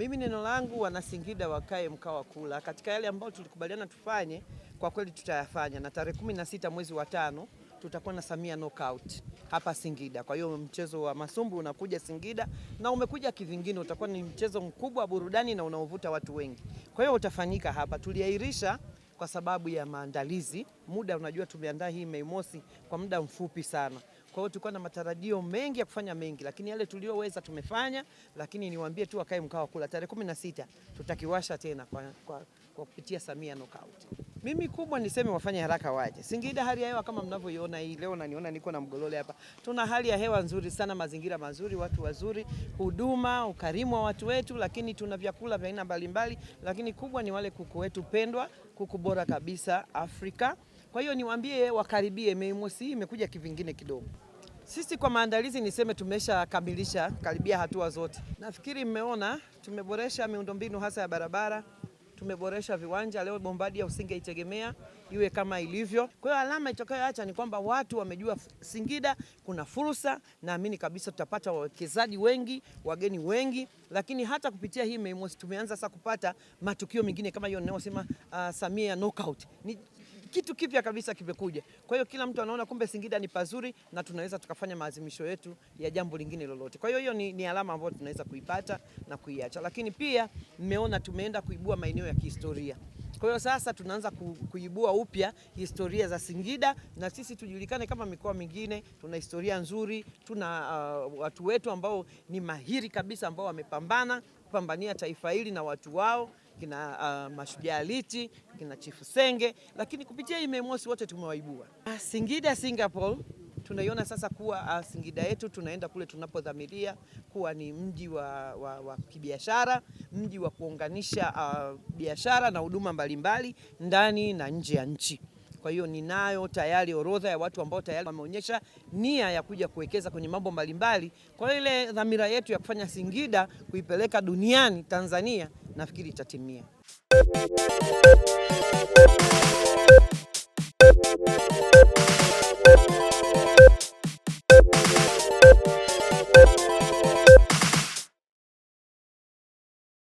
Mimi neno langu Wanasingida wakae mkao wa kula, katika yale ambayo tulikubaliana tufanye, kwa kweli tutayafanya, na tarehe kumi na sita mwezi wa tano tutakuwa na Samia knockout hapa Singida. Kwa hiyo mchezo wa masumbu unakuja Singida na umekuja kivingine, utakuwa ni mchezo mkubwa wa burudani na unaovuta watu wengi. Kwa hiyo utafanyika hapa, tuliahirisha kwa sababu ya maandalizi. Muda unajua, tumeandaa hii Mei Mosi kwa muda mfupi sana, kwa hiyo tulikuwa na matarajio mengi ya kufanya mengi, lakini yale tuliyoweza tumefanya. Lakini niwaambie tu wakae mkao kula, tarehe kumi na sita tutakiwasha tena kwa, kwa, kwa kupitia Samia Knockout. Mimi kubwa niseme wafanye haraka waje. Singida hali ya hewa kama mnavyoiona hii leo na niona niko na mgolole hapa. Tuna hali ya hewa nzuri sana, mazingira mazuri, watu wazuri, huduma, ukarimu wa watu wetu, lakini tuna vyakula vya aina mbalimbali, lakini kubwa ni wale kuku wetu pendwa, kuku bora kabisa Afrika. Kwa hiyo niwaambie wakaribie Mei Mosi imekuja kivingine kidogo. Sisi kwa maandalizi niseme tumeshakamilisha karibia hatua zote. Nafikiri mmeona tumeboresha miundombinu hasa ya barabara tumeboresha viwanja. Leo Bombadia usingeitegemea iwe kama ilivyo. Kwa hiyo alama itakayoacha ni kwamba watu wamejua Singida kuna fursa. Naamini kabisa tutapata wawekezaji wengi, wageni wengi, lakini hata kupitia hii Mei Mosi tumeanza sasa kupata matukio mengine kama hiyo ninayosema, uh, Samia knockout ni kitu kipya kabisa kimekuja. Kwa hiyo kila mtu anaona kumbe Singida ni pazuri na tunaweza tukafanya maazimisho yetu ya jambo lingine lolote. Kwa hiyo hiyo ni, ni alama ambayo tunaweza kuipata na kuiacha, lakini pia mmeona tumeenda kuibua maeneo ya kihistoria. Kwa hiyo sasa tunaanza kuibua upya historia za Singida na sisi tujulikane kama mikoa mingine. Tuna historia nzuri, tuna uh, watu wetu ambao ni mahiri kabisa ambao wamepambana kupambania taifa hili na watu wao kina uh, Mashujaa Liti, kina Chifu Senge, lakini kupitia hii memosi Mosi wote tumewaibua. Ah, Singida Singapore tunaiona sasa kuwa ah, Singida yetu tunaenda kule tunapodhamiria kuwa ni mji wa, wa, wa kibiashara, mji wa kuunganisha uh, biashara na huduma mbalimbali ndani na nje ya nchi. Kwa hiyo ninayo tayari orodha ya watu ambao tayari wameonyesha nia ya kuja kuwekeza kwenye mambo mbalimbali. Kwa ile dhamira yetu ya kufanya Singida kuipeleka duniani Tanzania nafikiri itatimia.